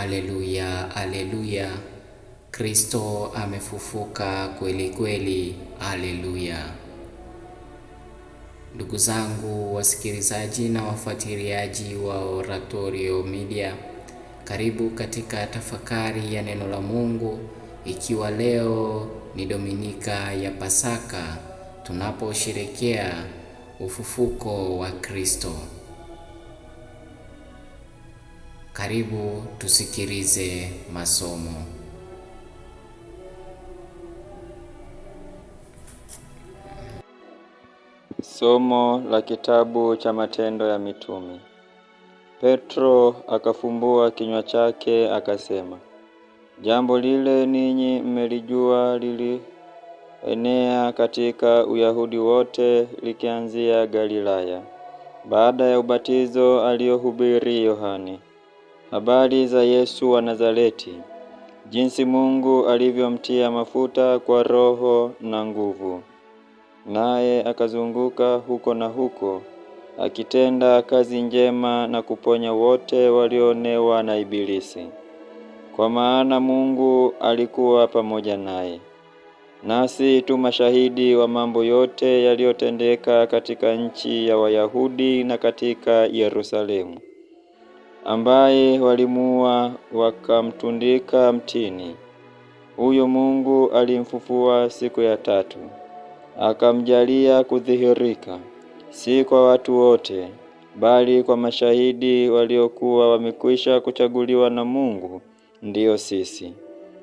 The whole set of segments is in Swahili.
Aleluya, aleluya, Kristo amefufuka kweli kweli, aleluya. Ndugu zangu wasikilizaji na wafuatiliaji wa Oratorio Media, karibu katika tafakari ya neno la Mungu, ikiwa leo ni Dominika ya Pasaka tunaposherekea ufufuko wa Kristo. Karibu tusikilize masomo. Somo la kitabu cha Matendo ya Mitume. Petro akafumbua kinywa chake akasema, jambo lile ninyi mmelijua lilienea katika Uyahudi wote likianzia Galilaya, baada ya ubatizo aliohubiri Yohane Habari za Yesu wa Nazareti, jinsi Mungu alivyomtia mafuta kwa roho na nguvu, naye akazunguka huko na huko akitenda kazi njema na kuponya wote walionewa na Ibilisi, kwa maana Mungu alikuwa pamoja naye. Nasi tu mashahidi wa mambo yote yaliyotendeka katika nchi ya Wayahudi na katika Yerusalemu ambaye walimuua wakamtundika mtini. Huyo Mungu alimfufua siku ya tatu, akamjalia kudhihirika, si kwa watu wote, bali kwa mashahidi waliokuwa wamekwisha kuchaguliwa na Mungu, ndiyo sisi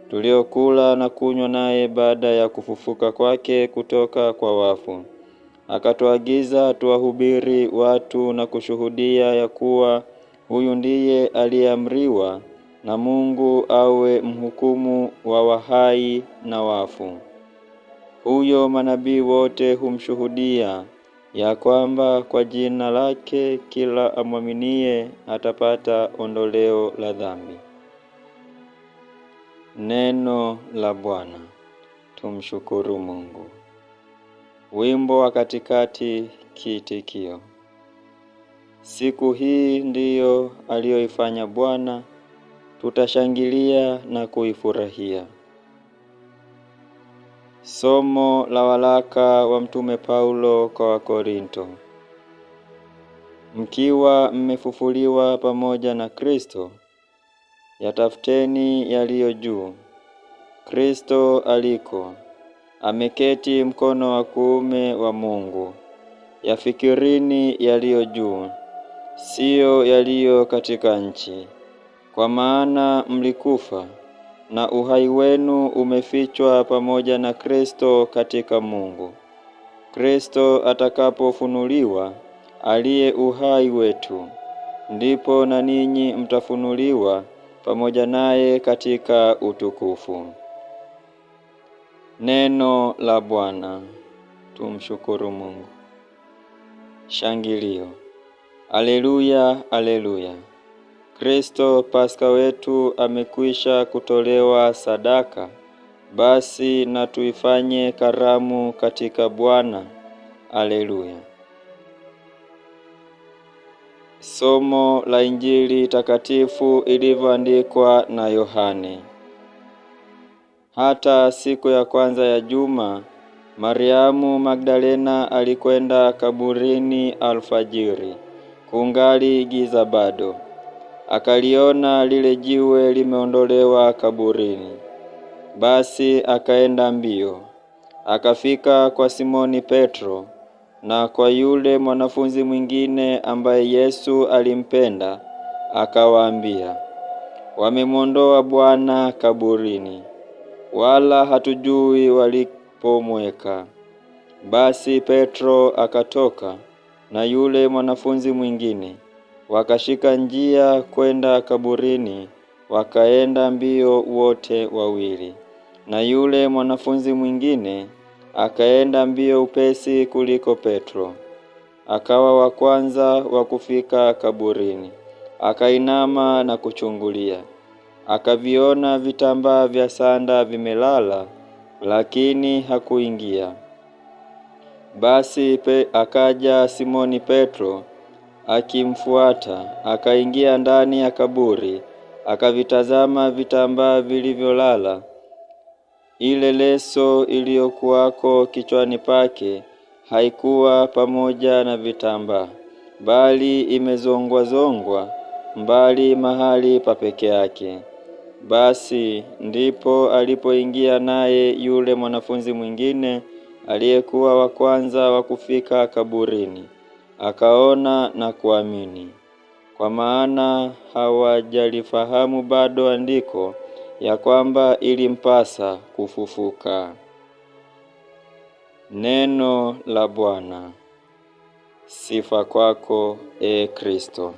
tuliokula na kunywa naye baada ya kufufuka kwake kutoka kwa wafu. Akatuagiza tuwahubiri watu na kushuhudia ya kuwa Huyu ndiye aliyeamriwa na Mungu awe mhukumu wa wahai na wafu. Huyo manabii wote humshuhudia ya kwamba kwa jina lake kila amwaminie atapata ondoleo la dhambi. Neno la Bwana. Tumshukuru Mungu. Wimbo wa katikati, kiitikio. Siku hii ndiyo aliyoifanya Bwana, tutashangilia na kuifurahia. Somo la walaka wa Mtume Paulo kwa Wakorinto. Mkiwa mmefufuliwa pamoja na Kristo, yatafuteni yaliyo juu, Kristo aliko ameketi mkono wa kuume wa Mungu. Yafikirini yaliyo juu, siyo yaliyo katika nchi. Kwa maana mlikufa na uhai wenu umefichwa pamoja na Kristo katika Mungu. Kristo atakapofunuliwa, aliye uhai wetu, ndipo na ninyi mtafunuliwa pamoja naye katika utukufu. Neno la Bwana. Tumshukuru Mungu. Shangilio. Aleluya, aleluya! Kristo paska wetu amekwisha kutolewa sadaka, basi na tuifanye karamu katika Bwana. Aleluya! Somo la Injili takatifu ilivyoandikwa na Yohane. Hata siku ya kwanza ya juma Mariamu Magdalena alikwenda kaburini alfajiri kungali giza bado. Akaliona lile jiwe limeondolewa kaburini, basi akaenda mbio akafika kwa Simoni Petro na kwa yule mwanafunzi mwingine ambaye Yesu alimpenda, akawaambia, wamemwondoa Bwana kaburini, wala hatujui walipomweka. Basi Petro akatoka na yule mwanafunzi mwingine, wakashika njia kwenda kaburini, wakaenda mbio wote wawili. Na yule mwanafunzi mwingine akaenda mbio upesi kuliko Petro, akawa wa kwanza wa kufika kaburini. Akainama na kuchungulia, akaviona vitambaa vya sanda vimelala, lakini hakuingia. Basi pe, akaja Simoni Petro akimfuata, akaingia ndani ya kaburi, akavitazama vitambaa vilivyolala, ile leso iliyokuwako kichwani pake haikuwa pamoja na vitambaa, bali imezongwazongwa mbali mahali pa peke yake. Basi ndipo alipoingia naye yule mwanafunzi mwingine aliyekuwa wa kwanza wa kufika kaburini, akaona na kuamini, kwa maana hawajalifahamu bado andiko ya kwamba ilimpasa kufufuka. Neno la Bwana. Sifa kwako, E Kristo.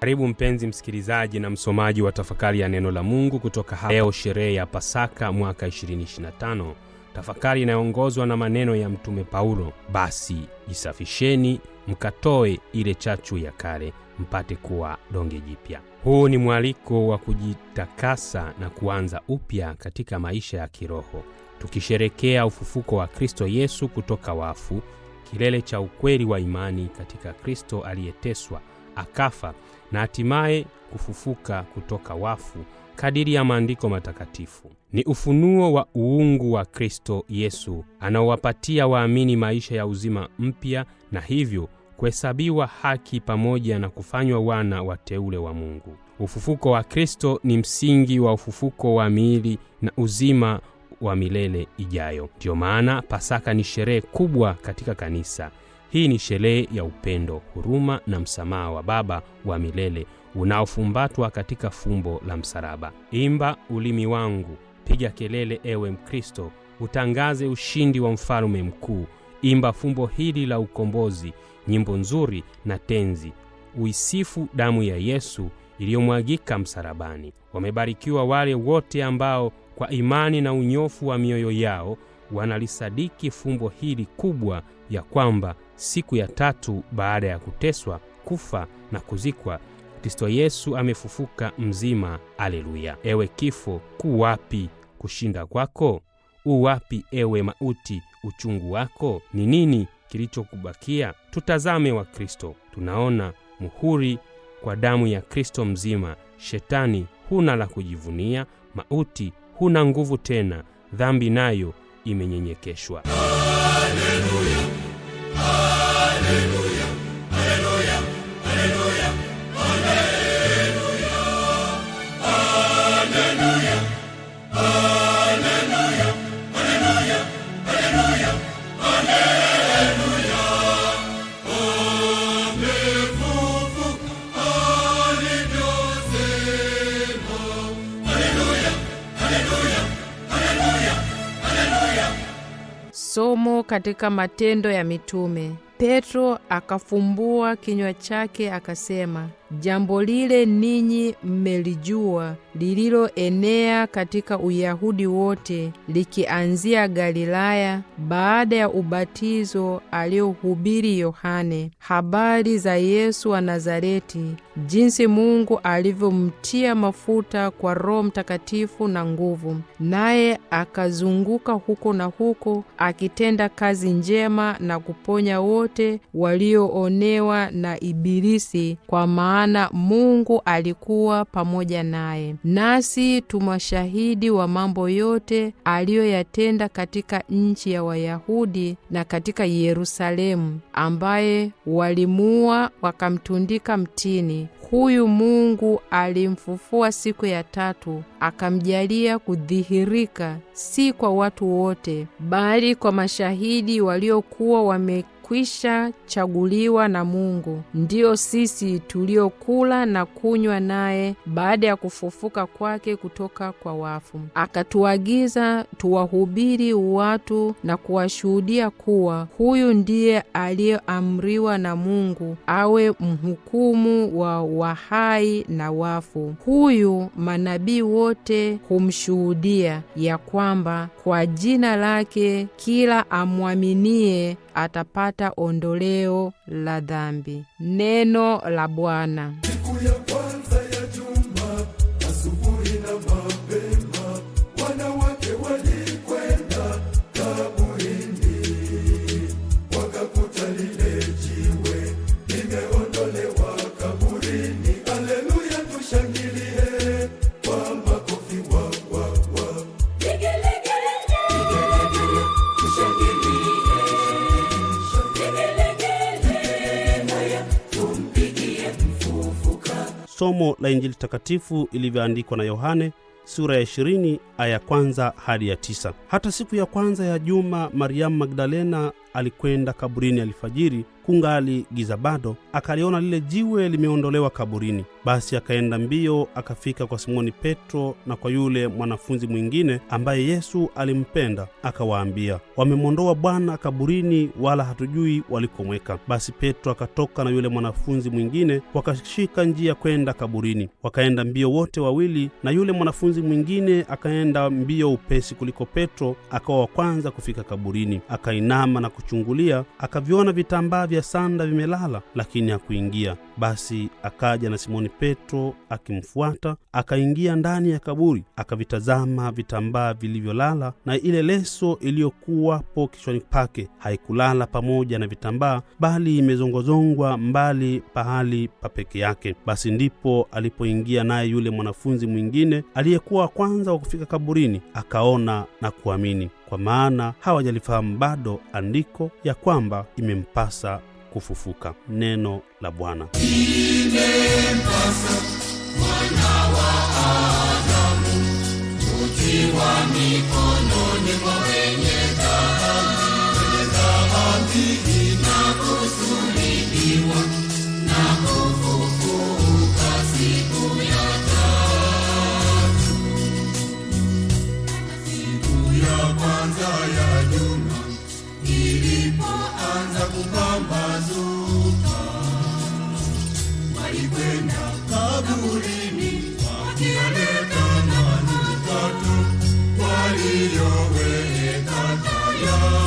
Karibu mpenzi msikilizaji na msomaji wa tafakari ya neno la Mungu kutoka hapa leo, sherehe ya Pasaka mwaka 2025, tafakari inayoongozwa na maneno ya Mtume Paulo: basi jisafisheni mkatoe ile chachu ya kale, mpate kuwa donge jipya. Huu ni mwaliko wa kujitakasa na kuanza upya katika maisha ya kiroho, tukisherekea ufufuko wa Kristo Yesu kutoka wafu, kilele cha ukweli wa imani katika Kristo aliyeteswa akafa na hatimaye kufufuka kutoka wafu kadiri ya maandiko matakatifu. Ni ufunuo wa uungu wa Kristo Yesu anaowapatia waamini maisha ya uzima mpya na hivyo kuhesabiwa haki pamoja na kufanywa wana wateule wa Mungu. Ufufuko wa Kristo ni msingi wa ufufuko wa miili na uzima wa milele ijayo. Ndiyo maana Pasaka ni sherehe kubwa katika kanisa. Hii ni sherehe ya upendo, huruma na msamaha wa Baba wa milele unaofumbatwa katika fumbo la msalaba. Imba ulimi wangu, piga kelele ewe Mkristo, utangaze ushindi wa mfalme mkuu. Imba fumbo hili la ukombozi, nyimbo nzuri na tenzi, uisifu damu ya Yesu iliyomwagika msalabani. Wamebarikiwa wale wote ambao kwa imani na unyofu wa mioyo yao wanalisadiki fumbo hili kubwa, ya kwamba siku ya tatu baada ya kuteswa, kufa na kuzikwa, Kristo Yesu amefufuka mzima. Aleluya! Ewe kifo, ku wapi kushinda kwako? U wapi ewe mauti, uchungu wako? Ni nini kilichokubakia? Tutazame wa Kristo, tunaona muhuri kwa damu ya Kristo mzima. Shetani huna la kujivunia, mauti huna nguvu tena, dhambi nayo imenyenyekeshwa. Haleluya. katika Matendo ya Mitume, Petro akafumbua kinywa chake akasema, jambo lile ninyi mmelijua lililoenea katika Uyahudi wote, likianzia Galilaya baada ya ubatizo aliyohubiri Yohane, habari za Yesu wa Nazareti, jinsi Mungu alivyomtia mafuta kwa Roho Mtakatifu na nguvu, naye akazunguka huko na huko akitenda kazi njema na kuponya wote walioonewa na Ibilisi, kwa maana maana Mungu alikuwa pamoja naye. Nasi tumashahidi wa mambo yote aliyoyatenda katika nchi ya Wayahudi na katika Yerusalemu, ambaye walimua wakamtundika mtini. Huyu Mungu alimfufua siku ya tatu, akamjalia kudhihirika, si kwa watu wote, bali kwa mashahidi waliokuwa wame waliokwisha chaguliwa na Mungu, ndiyo sisi tuliokula na kunywa naye baada ya kufufuka kwake kutoka kwa wafu. Akatuagiza tuwahubiri watu na kuwashuhudia kuwa huyu ndiye aliyeamriwa na Mungu awe mhukumu wa wahai na wafu. Huyu manabii wote humshuhudia ya kwamba kwa jina lake kila amwaminie atapata ondoleo la dhambi. Neno la Bwana. somo la Injili takatifu ilivyoandikwa na Yohane sura ya 20 aya kwanza hadi ya tisa. Hata siku ya kwanza ya juma, Mariamu Magdalena alikwenda kaburini alfajiri kungali giza bado, akaliona lile jiwe limeondolewa kaburini. Basi akaenda mbio akafika kwa Simoni Petro na kwa yule mwanafunzi mwingine ambaye Yesu alimpenda, akawaambia, wamemwondoa Bwana kaburini, wala hatujui walikomweka. Basi Petro akatoka na yule mwanafunzi mwingine, wakashika njia kwenda kaburini. Wakaenda mbio wote wawili, na yule mwanafunzi mwingine akaenda mbio upesi kuliko Petro, akawa wa kwanza kufika kaburini. Akainama na kuchungulia, akaviona vitambaa vya vya sanda vimelala, lakini hakuingia. Basi akaja na Simoni Petro akimfuata, akaingia ndani ya kaburi, akavitazama vitambaa vilivyolala, na ile leso iliyokuwapo kichwani pake haikulala pamoja na vitambaa, bali imezongwazongwa mbali pahali pa peke yake. Basi ndipo alipoingia naye yule mwanafunzi mwingine aliyekuwa wa kwanza wa kufika kaburini, akaona na kuamini kwa maana hawajalifahamu bado andiko ya kwamba imempasa kufufuka. Neno la Bwana. Imempasa mwana wa Adamu kutiwa mikononi mwa wenye dhambi na kusulubiwa wakaanza kupambazuka, walikwenda kaburini na manukato waliyoweka tayari.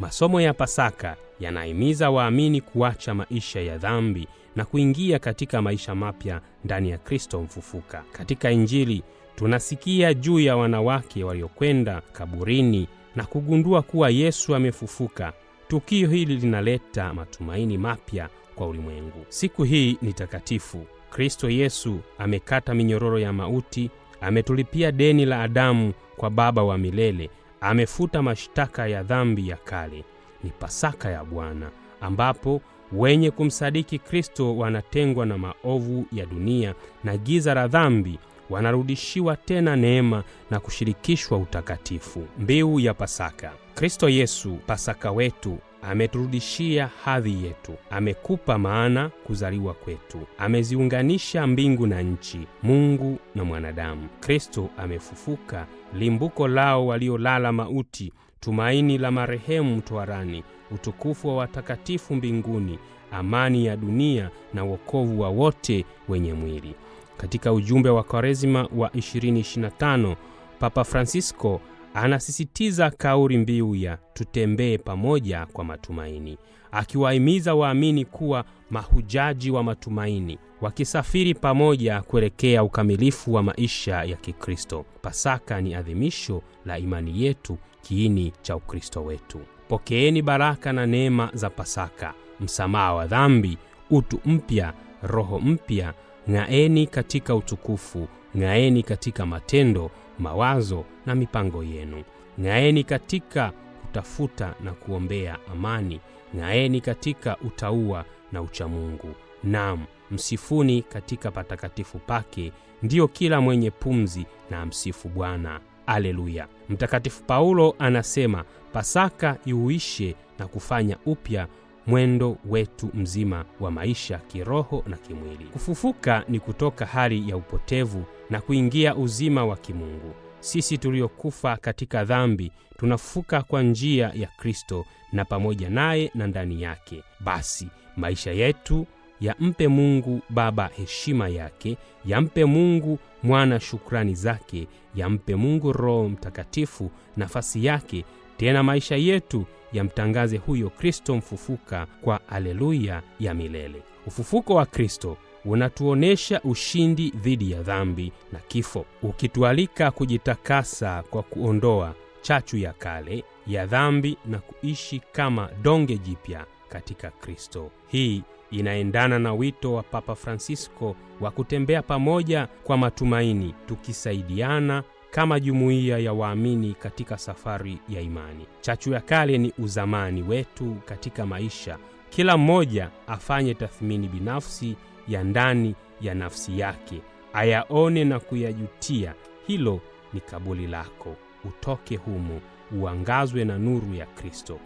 Masomo ya Pasaka yanahimiza waamini kuacha maisha ya dhambi na kuingia katika maisha mapya ndani ya Kristo mfufuka. Katika Injili tunasikia juu ya wanawake waliokwenda kaburini na kugundua kuwa Yesu amefufuka. Tukio hili linaleta matumaini mapya kwa ulimwengu. Siku hii ni takatifu. Kristo Yesu amekata minyororo ya mauti, ametulipia deni la Adamu kwa Baba wa milele, amefuta mashtaka ya dhambi ya kale. Ni Pasaka ya Bwana ambapo wenye kumsadiki Kristo wanatengwa na maovu ya dunia na giza la dhambi wanarudishiwa tena neema na kushirikishwa utakatifu. Mbiu ya Pasaka. Kristo Yesu, Pasaka wetu, ameturudishia hadhi yetu, amekupa maana kuzaliwa kwetu, ameziunganisha mbingu na nchi, Mungu na mwanadamu. Kristo amefufuka, limbuko lao waliolala mauti, tumaini la marehemu toharani, utukufu wa watakatifu mbinguni, amani ya dunia na wokovu wa wote wenye mwili. Katika ujumbe wa kwarezima wa 2025 Papa Francisco anasisitiza kauli mbiu ya tutembee pamoja kwa matumaini, akiwahimiza waamini kuwa mahujaji wa matumaini, wakisafiri pamoja kuelekea ukamilifu wa maisha ya Kikristo. Pasaka ni adhimisho la imani yetu, kiini cha Ukristo wetu. Pokeeni baraka na neema za Pasaka, msamaha wa dhambi, utu mpya, roho mpya Ng'aeni katika utukufu, ng'aeni katika matendo, mawazo na mipango yenu. Ng'aeni katika kutafuta na kuombea amani, ng'aeni katika utaua na uchamungu. Naam, msifuni katika patakatifu pake, ndiyo kila mwenye pumzi na amsifu Bwana. Aleluya. Mtakatifu Paulo anasema Pasaka iuishe na kufanya upya mwendo wetu mzima wa maisha kiroho na kimwili. Kufufuka ni kutoka hali ya upotevu na kuingia uzima wa kimungu. Sisi tuliokufa katika dhambi tunafufuka kwa njia ya Kristo na pamoja naye na ndani yake. Basi maisha yetu yampe Mungu Baba heshima yake, yampe Mungu Mwana shukrani zake, yampe Mungu Roho Mtakatifu nafasi yake. Tena maisha yetu ya mtangaze huyo Kristo mfufuka kwa aleluya ya milele. Ufufuko wa Kristo unatuonesha ushindi dhidi ya dhambi na kifo, ukitualika kujitakasa kwa kuondoa chachu ya kale ya dhambi na kuishi kama donge jipya katika Kristo. Hii inaendana na wito wa Papa Fransisko wa kutembea pamoja kwa matumaini, tukisaidiana kama jumuiya ya waamini katika safari ya imani. Chachu ya kale ni uzamani wetu katika maisha. Kila mmoja afanye tathmini binafsi ya ndani ya nafsi yake, ayaone na kuyajutia. Hilo ni kaburi lako, utoke humo, uangazwe na nuru ya Kristo.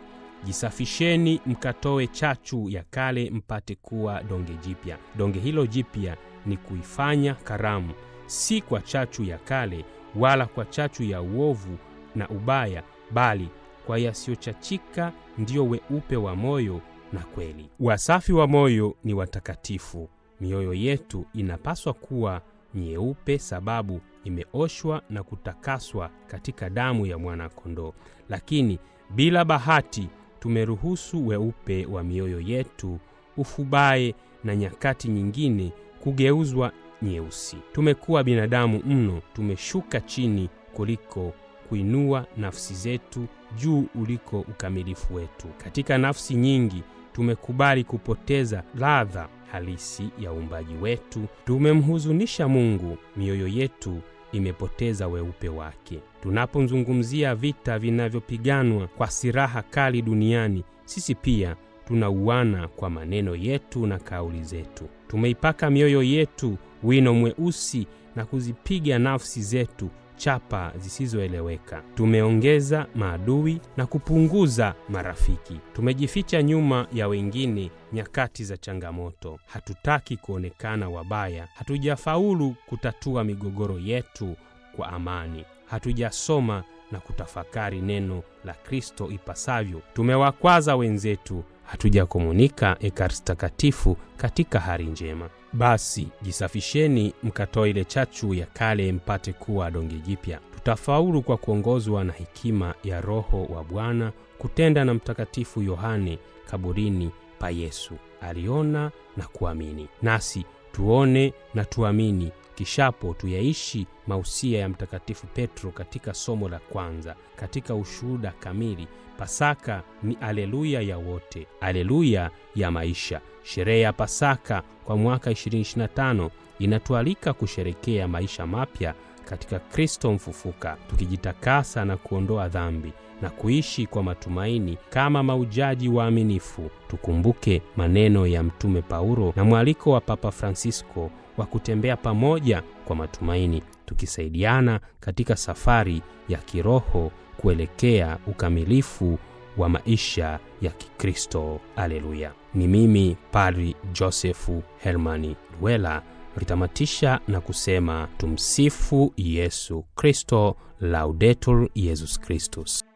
Jisafisheni mkatoe chachu ya kale mpate kuwa donge jipya. Donge hilo jipya ni kuifanya karamu, si kwa chachu ya kale wala kwa chachu ya uovu na ubaya, bali kwa yasiyochachika ndiyo weupe wa moyo na kweli. Wasafi wa moyo ni watakatifu. Mioyo yetu inapaswa kuwa nyeupe, sababu imeoshwa na kutakaswa katika damu ya mwana-kondoo. Lakini bila bahati tumeruhusu weupe wa mioyo yetu ufubae na nyakati nyingine kugeuzwa nyeusi. Tumekuwa binadamu mno, tumeshuka chini kuliko kuinua nafsi zetu juu uliko ukamilifu wetu. Katika nafsi nyingi tumekubali kupoteza ladha halisi ya uumbaji wetu. Tumemhuzunisha Mungu, mioyo yetu imepoteza weupe wake. Tunapozungumzia vita vinavyopiganwa kwa silaha kali duniani, sisi pia tunauana kwa maneno yetu na kauli zetu tumeipaka mioyo yetu wino mweusi na kuzipiga nafsi zetu chapa zisizoeleweka. Tumeongeza maadui na kupunguza marafiki. Tumejificha nyuma ya wengine nyakati za changamoto. Hatutaki kuonekana wabaya. Hatujafaulu kutatua migogoro yetu kwa amani. Hatujasoma na kutafakari neno la Kristo ipasavyo. Tumewakwaza wenzetu hatujakomunika Ekaristi Takatifu katika hali njema. Basi jisafisheni, mkatoa ile chachu ya kale, mpate kuwa donge jipya. Tutafaulu kwa kuongozwa na hekima ya Roho wa Bwana kutenda na Mtakatifu Yohane kaburini pa Yesu aliona na kuamini. Nasi tuone na tuamini Kishapo tuyaishi mausia ya Mtakatifu Petro katika somo la kwanza, katika ushuhuda kamili. Pasaka ni aleluya ya wote, aleluya ya maisha. Sherehe ya Pasaka kwa mwaka 2025 inatualika kusherekea maisha mapya katika Kristo mfufuka, tukijitakasa na kuondoa dhambi na kuishi kwa matumaini kama maujaji waaminifu. Tukumbuke maneno ya Mtume Paulo na mwaliko wa Papa Fransisko wa kutembea pamoja kwa matumaini, tukisaidiana katika safari ya kiroho kuelekea ukamilifu wa maisha ya Kikristo. Aleluya! Ni mimi Padri Josefu Hermani Luela ritamatisha na kusema tumsifu Yesu Kristo, laudetur Yesus Kristus.